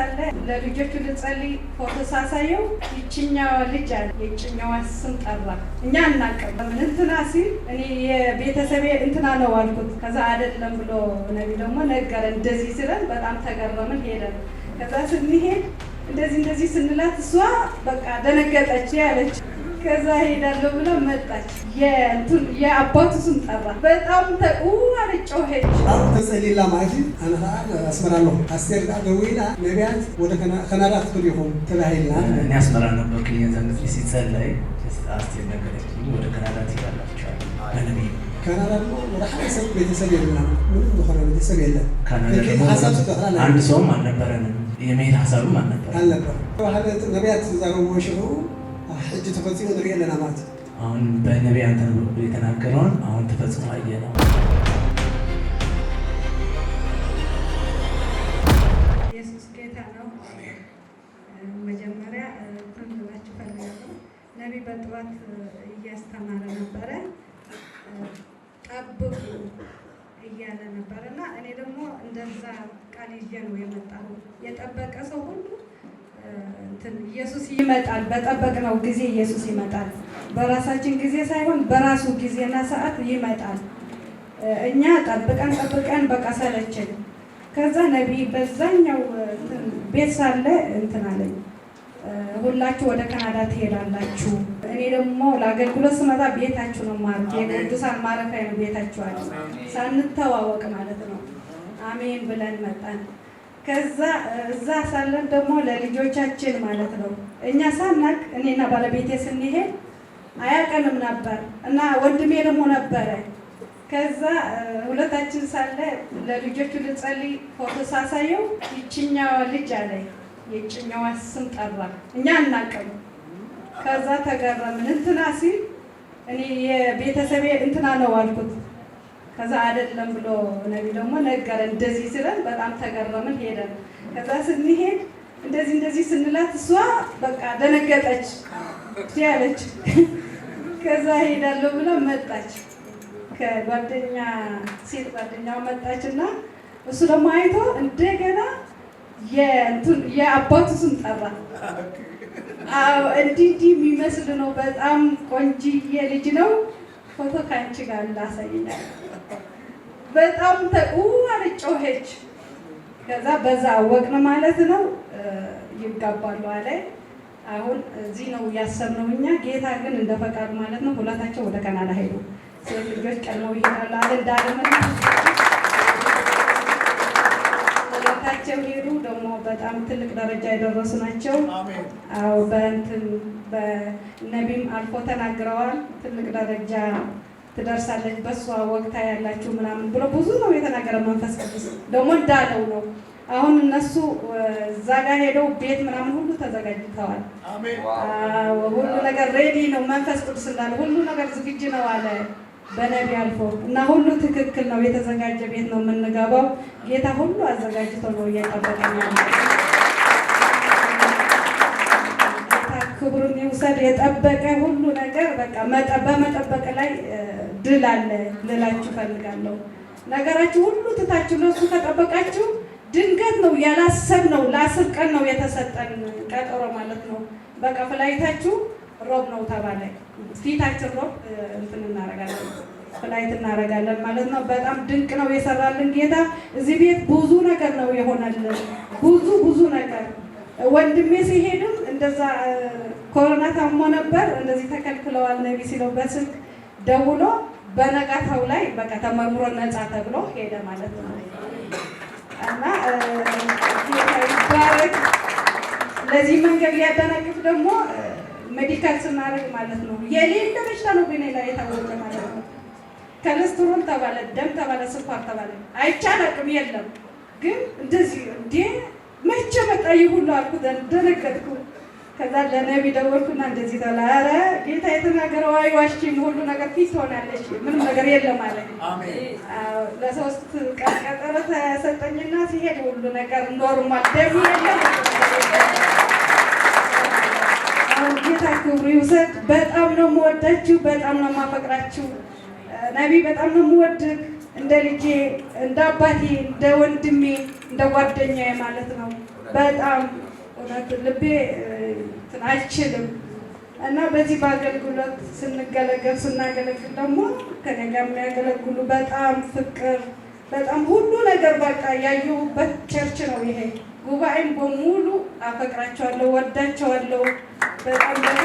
ሳለ ለልጆቹ ልጸልይ ፎቶ ሳሳየው ይችኛዋ ልጅ አለ የችኛዋ ስም ጠራ። እኛ አናውቅም እንትና ሲል እኔ የቤተሰቤ እንትና ነው አልኩት። ከዛ አይደለም ብሎ ነቢ ደግሞ ነገረ። እንደዚህ ስለን በጣም ተገረምን ሄደን ከዛ ስንሄድ እንደዚህ እንደዚህ ስንላት እሷ በቃ ደነገጠች ያለች ከዛ ሄዳለሁ ብላ መጣች። የእንትን የአባቱ ስም ጠራ። በጣም ተቁ አለጮ ሄድ ተጸሊላ ማጂ አነታ አስመራለሁ አስቴር ጋር ደውላ ነቢያት ወደ ከናዳ ትብል ይሆን ተባሂልና እኔ አስመራ ነበር ክልኛዛነት ሲጸለይ አስቴር ነገረች ወደ ከናዳ ትሄዳላችኋል በነቢ አንድ ሰውም አልነበረንም። የመሄድ ሀሳብም አልነበረ ነቢያት ዛረቦ ሽዑ እጅ ተፈጽሞ ንሪኤለና ማለት አሁን በነቢያን ተንብቦ የተናገረውን አሁን ተፈጽሞ አየ ነው። ኢየሱስ ጌታ ነው። መጀመሪያ ፈልጋለሁ። ነቢ በጥዋት እያስተማረ ነበረ ጠብቁ እያለ ነበረ እና እኔ ደግሞ እንደዛ ቃል ይዤ ነው የመጣሁ የጠበቀ ሰው ሁሉ ኢየሱስ ይመጣል። በጠበቅነው ጊዜ ኢየሱስ ይመጣል። በራሳችን ጊዜ ሳይሆን በራሱ ጊዜና ሰዓት ይመጣል። እኛ ጠብቀን ጠብቀን በቃ ሰለችን። ከዛ ነቢይ በዛኛው ቤት ሳለ እንትን አለኝ፣ ሁላችሁ ወደ ካናዳ ትሄዳላችሁ፣ እኔ ደግሞ ለአገልግሎት ስመጣ ቤታችሁ ነው ማለት የቅዱሳን ማረፊያ ነው ቤታችሁ አለ። ሳንተዋወቅ ማለት ነው። አሜን ብለን መጣን። ከዛ እዛ ሳለን ደግሞ ለልጆቻችን ማለት ነው እኛ ሳናቅ እኔና ባለቤቴ ስንሄድ አያቀንም ነበር እና ወንድሜ ደግሞ ነበረ። ከዛ ሁለታችን ሳለ ለልጆቹ ልጸልይ ፎቶ ሳሳየው ይችኛዋ ልጅ አለ የጭኛዋ ስም ጠራ። እኛ አናቅም። ከዛ ተገረምን። እንትና ሲል እኔ የቤተሰቤ እንትና ነው አልኩት። ከዛ አይደለም ብሎ ነቢ ደግሞ ነገረ። እንደዚህ ስለን በጣም ተገረምን፣ ሄደን ከዛ ስንሄድ እንደዚህ እንደዚህ ስንላት እሷ በቃ ደነገጠች ያለች። ከዛ ሄዳለሁ ብላ መጣች። ከጓደኛ ሴት ጓደኛው መጣች እና እሱ ደግሞ አይቶ እንደገና የአባቱ ስም ጠራ። እንዲህ እንዲህ የሚመስል ነው፣ በጣም ቆንጂዬ ልጅ ነው ፎቶ ከአንቺ ጋር እንዳሳይኛል። በጣም አለች ጮኸች። ከዛ በዛ አወቅን ማለት ነው ይጋባሉ አለ። አሁን እዚህ ነው እያሰብነው እኛ። ጌታ ግን እንደ ፈቃዱ ማለት ነው። ሁለታቸው ወደ ካናዳ ሄዱ። ሴት ልጆች ቀድመው ይሄዳሉ አለ እንዳለምና በትምህርታቸው ሄዱ ደግሞ በጣም ትልቅ ደረጃ የደረሱ ናቸው። አዎ በእንትን በነቢም አልፎ ተናግረዋል። ትልቅ ደረጃ ትደርሳለች በእሷ ወቅታ ያላችሁ ምናምን ብሎ ብዙ ነው የተናገረ። መንፈስ ቅዱስ ደግሞ እንዳለው ነው። አሁን እነሱ እዛ ጋር ሄደው ቤት ምናምን ሁሉ ተዘጋጅተዋል። ሁሉ ነገር ሬዲ ነው። መንፈስ ቅዱስ እንዳለ ሁሉ ነገር ዝግጅ ነው አለ በነቢ አልፎ እና ሁሉ ትክክል ነው። የተዘጋጀ ቤት ነው የምንገባው። ጌታ ሁሉ አዘጋጅቶ ነው ጌታ ክብሩን ይውሰድ። የጠበቀ ሁሉ ነገር በቃ በመጠበቅ ላይ ድል አለ ልላችሁ ፈልጋለሁ። ነገራችሁ ሁሉ ትታችሁ ለሱ ከጠበቃችሁ ድንገት ነው ያላሰብ ነው ለአስር ቀን ነው የተሰጠን ቀጠሮ ማለት ነው። በቃ ፍላይታችሁ ሮብ ነው ተባለ። ፊታችን ሮብ እንትን እናደርጋለን ፍላይት እናደርጋለን ማለት ነው። በጣም ድንቅ ነው የሰራልን ጌታ። እዚህ ቤት ብዙ ነገር ነው የሆነልን፣ ብዙ ብዙ ነገር። ወንድሜ ሲሄድም እንደዛ ኮሮና ታሞ ነበር። እንደዚህ ተከልክለዋል ነቢ ሲለው በስልክ ደውሎ በነጋታው ላይ በቃ ተመርምሮ ነፃ ተብሎ ሄደ ማለት ነው። እና ለዚህ መንገድ ሊያደናቅፍ ደግሞ ሜዲካል ስናደርግ ማለት ነው የሌለ በሽታ ነው በኔ ላይ የታወቀ ማለት ነው። ኮሌስትሮል ተባለ፣ ደም ተባለ፣ ስኳር ተባለ አይቻል አቅም የለም ግን እንደዚህ እንዴ መቼ መጣ ይህ ሁሉ አልኩ፣ ደነገጥኩ። ከዛ ለነቢ ደወልኩና እንደዚህ ተላ ኧረ ጌታ የተናገረው አይዋሽም፣ ሁሉ ነገር ፊት ትሆናለች፣ ምንም ነገር የለም አለ። ለሶስት ቀን ቀጠሮ ተሰጠኝና ሲሄድ ሁሉ ነገር እንዶርሟል፣ ደም የለም ጌታ ክብሩ ይውሰድ። በጣም ነው የምወዳችሁ፣ በጣም ነው የማፈቅራችሁ። ነቢ በጣም ነው የምወድህ እንደ ልጄ፣ እንደ አባቴ፣ እንደ ወንድሜ፣ እንደ ጓደኛዬ ማለት ነው። በጣም እውነት ልቤ እንትን አይችልም እና በዚህ በአገልግሎት ስንገለገል ስናገለግል ደግሞ ከኔ ጋር የሚያገለግሉ በጣም ፍቅር፣ በጣም ሁሉ ነገር በቃ ያየሁበት ቸርች ነው ይሄ ጉባኤም በሙሉ አፈቅራቸዋለሁ፣ ወዳቸዋለሁ። በጣም በዛ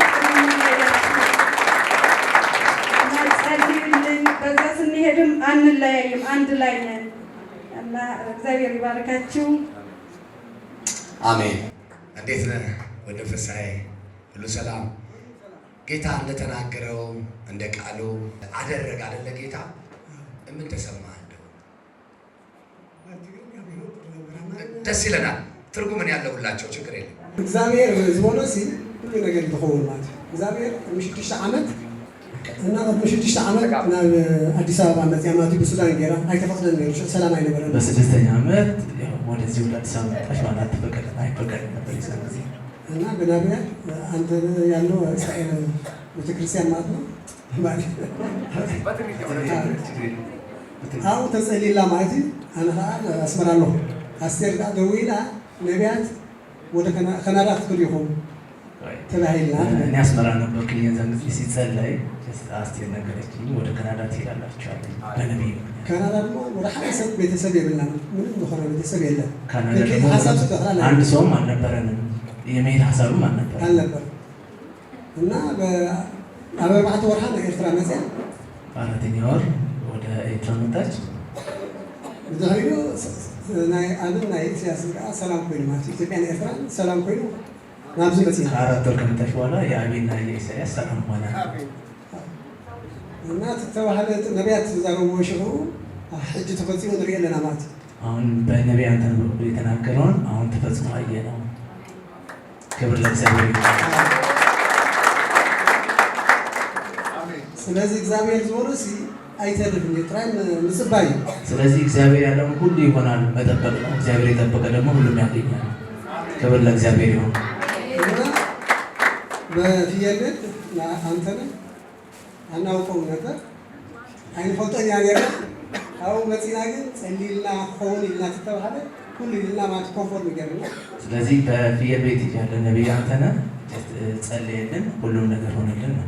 ስንሄድም አንለያይም፣ አንድ ላይ ነን እና እግዚአብሔር ይባርካችሁ። አሜን። እንዴት ነህ ወንድም ፍስሐዬ? ሁሉ ሰላም? ጌታ እንደተናገረው እንደ ቃሉ አደረገ አደለ? ጌታ ምን ተሰማህ? ደስ ይለናል። ትርጉምን ያለሁላቸው ችግር የለም። እግዚአብሔር ዝሆነ ሲል ሁሉ ነገር ይተኸውን ማለት እግዚአብሔር ምሽዱሽተ ዓመት እና ምሽዱሽተ ዓመት ናብ አዲስ አበባ መፅያ ማቲ እዩ ብሱዳን ገይራ ኣይተፈቅደን ነሩ ሰላም አይነበረ በስድስተኛ ዓመት ወደዚህ ወደ አዲስ አበባ መጣሽ ማለት አትፈቀድ አይፈቀድ ነበር ይዛ እና በናቢያ አንተ ያለው እስራኤል ቤተክርስቲያን ማለት ነው አሁ ተፀሊላ ማለት እዩ ኣነ ከዓ ኣስመራ ኣለኹ አስቴር ደውላ ነቢያት ወደ ከናዳ ክፍል የሆኑ እኔ አስመራ ነበርኩኝ። የዛን ጊዜ ሲጸለይ አስቴር ነገረችኝ፣ ወደ ካናዳ ትሄዳላችሁ አለኝ። በነቢዩ ካናዳ ደግሞ ወደ ሀሳብ ቤተሰብ የበላ ምንም የሆነ ቤተሰብ የለም። ካናዳ አንድ ሰውም አልነበረንም፣ የመሄድ ሀሳብም አልነበረንም እና በአበባዕተ ወርሃ ኤርትራ መጽያ አራተኛ ወር ወደ ኤርትራ መጣች። አብና ሲያስጋ ሰላም ኮይን ማለት ኢትዮጵያ ኤርትራ ሰላም ኮይኑ ናብዚ መፅና አራት ወር ከምታሽ በኋላ የአብና የኢሳያስ ሰላም ሆነ እና ተባህለ ነቢያት ዛረብዎ ሽሩ ሕጂ ተፈፂሙ ንሪኢ ኣለና ማለት እዩ አሁን በነቢያን ተንበብ የተናገረውን አሁን ተፈጽሞ አየ ነው። ክብር ለእግዚአብሔር። ስለዚህ እግዚአብሔር ዝሆኑ አይተርፍም። የክራይም ምስባይ። ስለዚህ እግዚአብሔር ያለውን ሁሉ ይሆናል መጠበቅ ነው። እግዚአብሔር የጠበቀ ደግሞ ሁሉም ያገኛል። ክብር ለእግዚአብሔር ይሆን። በፍየል አንተን አናውቀውም ነበር አይንፈውጠኛ ገር አሁ መጽና ግን ጸሊልና ሆን ልና ትተባለ ሁሉ ልና ማለት ኮንፎርም ይገር ስለዚህ በፍየል ቤት እያለ ነቢይ አንተነህ ጸልየልን ሁሉም ነገር ሆነልን ነው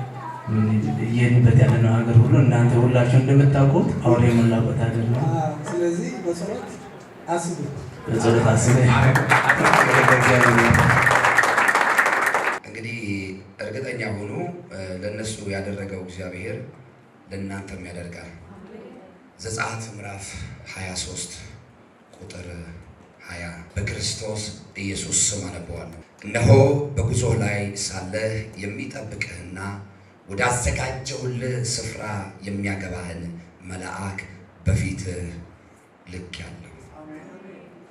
የሄድንበት ያለነው ሀገር ሁሉ እናንተ ሁላችሁ እንደምታውቁት አውሬ የሞላበት ሀገር ነው። ስለዚህ በጸሎት አስቡ፣ በጸሎት አስቡ። እንግዲህ እርግጠኛ ሆኖ ለእነሱ ያደረገው እግዚአብሔር ለእናንተም ያደርጋል። ዘጸአት ምዕራፍ 23 ቁጥር 20 በክርስቶስ ኢየሱስ ስም አነበዋለሁ። እነሆ በጉዞ ላይ ሳለህ የሚጠብቅህና ወዳዘጋጀውልህ ስፍራ የሚያገባህን መልአክ በፊትህ ያለው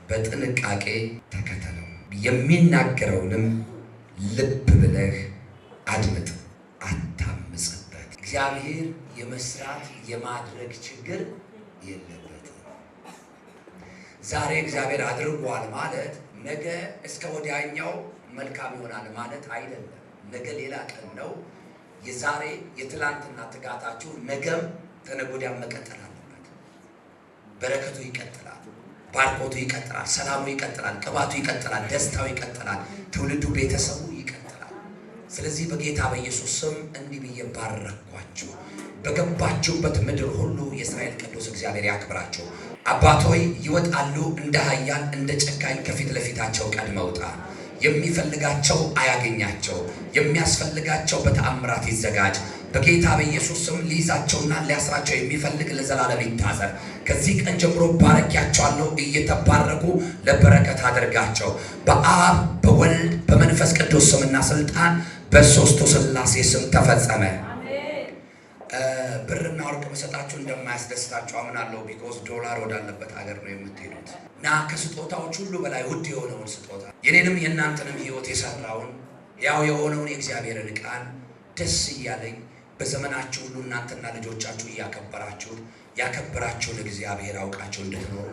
በጥንቃቄ ተከተለው፣ የሚናገረውንም ልብ ብለህ አድምጥ፣ አታምጽበት። እግዚአብሔር የመስራት የማድረግ ችግር የለበትም። ዛሬ እግዚአብሔር አድርጓል ማለት ነገ እስከ ወዲያኛው መልካም ይሆናል ማለት አይደለም። ነገ ሌላ ቀን ነው። የዛሬ የትላንትና ትጋታችሁ ነገም ተነጎዳ መቀጠል አለበት። በረከቱ ይቀጥላል፣ ባርኮቱ ይቀጥላል፣ ሰላሙ ይቀጥላል፣ ቅባቱ ይቀጥላል፣ ደስታው ይቀጥላል፣ ትውልዱ ቤተሰቡ ይቀጥላል። ስለዚህ በጌታ በኢየሱስ ስም እንዲህ ብዬ ባረኳችሁ። በገባችሁበት ምድር ሁሉ የእስራኤል ቅዱስ እግዚአብሔር ያክብራችሁ። አባቶይ ይወጣሉ እንደ ኃያል እንደ ጨካኝ ከፊት ለፊታቸው ቀድመውጣ የሚፈልጋቸው አያገኛቸው፣ የሚያስፈልጋቸው በተአምራት ይዘጋጅ። በጌታ በኢየሱስ ስም ሊይዛቸውና ሊያስራቸው የሚፈልግ ለዘላለም ይታሰር። ከዚህ ቀን ጀምሮ ባረኪያቸዋለሁ። እየተባረኩ ለበረከት አድርጋቸው። በአብ በወልድ በመንፈስ ቅዱስ ስምና ስልጣን በሦስቱ ሥላሴ ስም ተፈጸመ። ብርና ወርቅ መሰጣችሁ እንደማያስደስታችሁ አምናለሁ። ቢኮዝ ዶላር ወዳለበት ሀገር ነው የምትሄዱት እና ከስጦታዎች ሁሉ በላይ ውድ የሆነውን ስጦታ የኔንም የእናንተንም ህይወት የሰራውን ያው የሆነውን የእግዚአብሔርን ቃል ደስ እያለኝ በዘመናችሁ ሁሉ እናንተና ልጆቻችሁ እያከበራችሁ ያከበራችሁን እግዚአብሔር አውቃቸው እንድትኖሩ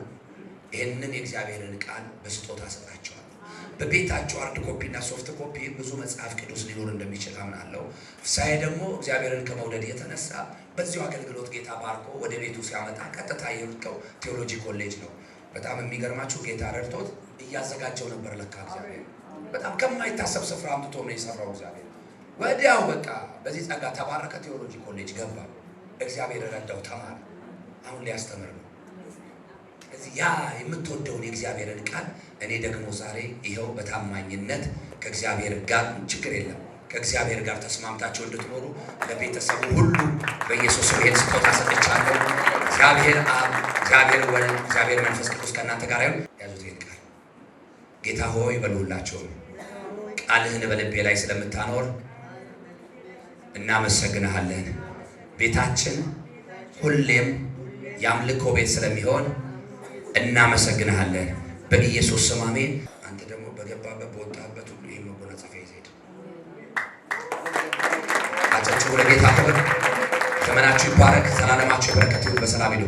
ይህንን የእግዚአብሔርን ቃል በስጦታ ሰጣቸዋል። በቤታቸው አርድ ኮፒ እና ሶፍት ኮፒ ብዙ መጽሐፍ ቅዱስ ሊኖር እንደሚችል አምናለሁ። ፍሳዬ ደግሞ እግዚአብሔርን ከመውደድ የተነሳ በዚሁ አገልግሎት ጌታ ባርኮ ወደ ቤቱ ሲያመጣ ቀጥታ የሩጠው ቴዎሎጂ ኮሌጅ ነው። በጣም የሚገርማችሁ ጌታ ረድቶት እያዘጋጀው ነበር። ለካ እግዚአብሔር በጣም ከማይታሰብ ስፍራ አምጥቶ ነው የሰራው እግዚአብሔር። ወዲያው በቃ በዚህ ጸጋ ተባረከ። ቴዎሎጂ ኮሌጅ ገባ። እግዚአብሔር ረዳው፣ ተማረ። አሁን ሊያስተምር ነው። ስለዚህ ያ የምትወደውን የእግዚአብሔርን ቃል እኔ ደግሞ ዛሬ ይኸው በታማኝነት ከእግዚአብሔር ጋር ችግር የለም ከእግዚአብሔር ጋር ተስማምታቸው እንድትኖሩ ለቤተሰቡ ሁሉ በኢየሱስ ስም ስጦታ ሰጥቻለሁ። እግዚአብሔር አብ፣ እግዚአብሔር ወልድ፣ እግዚአብሔር መንፈስ ቅዱስ ከእናንተ ጋር ይሁን። ያዙት ይህን ቃል ጌታ ሆይ በሉላቸው። ቃልህን በልቤ ላይ ስለምታኖር እናመሰግንሃለን። ቤታችን ሁሌም የአምልኮ ቤት ስለሚሆን እናመሰግንሃለን። በኢየሱስ ስም አሜን። አንተ ደግሞ በገባበት በወጣበት ሁሉ ይህ መጎናጸፊያ ይዘህ ሂድ። አጨብጭቡ ለጌታ ክብር። ዘመናችሁ ይባረክ። ዘላለማችሁ የበረከት ይሁን። በሰላም ሂዱ።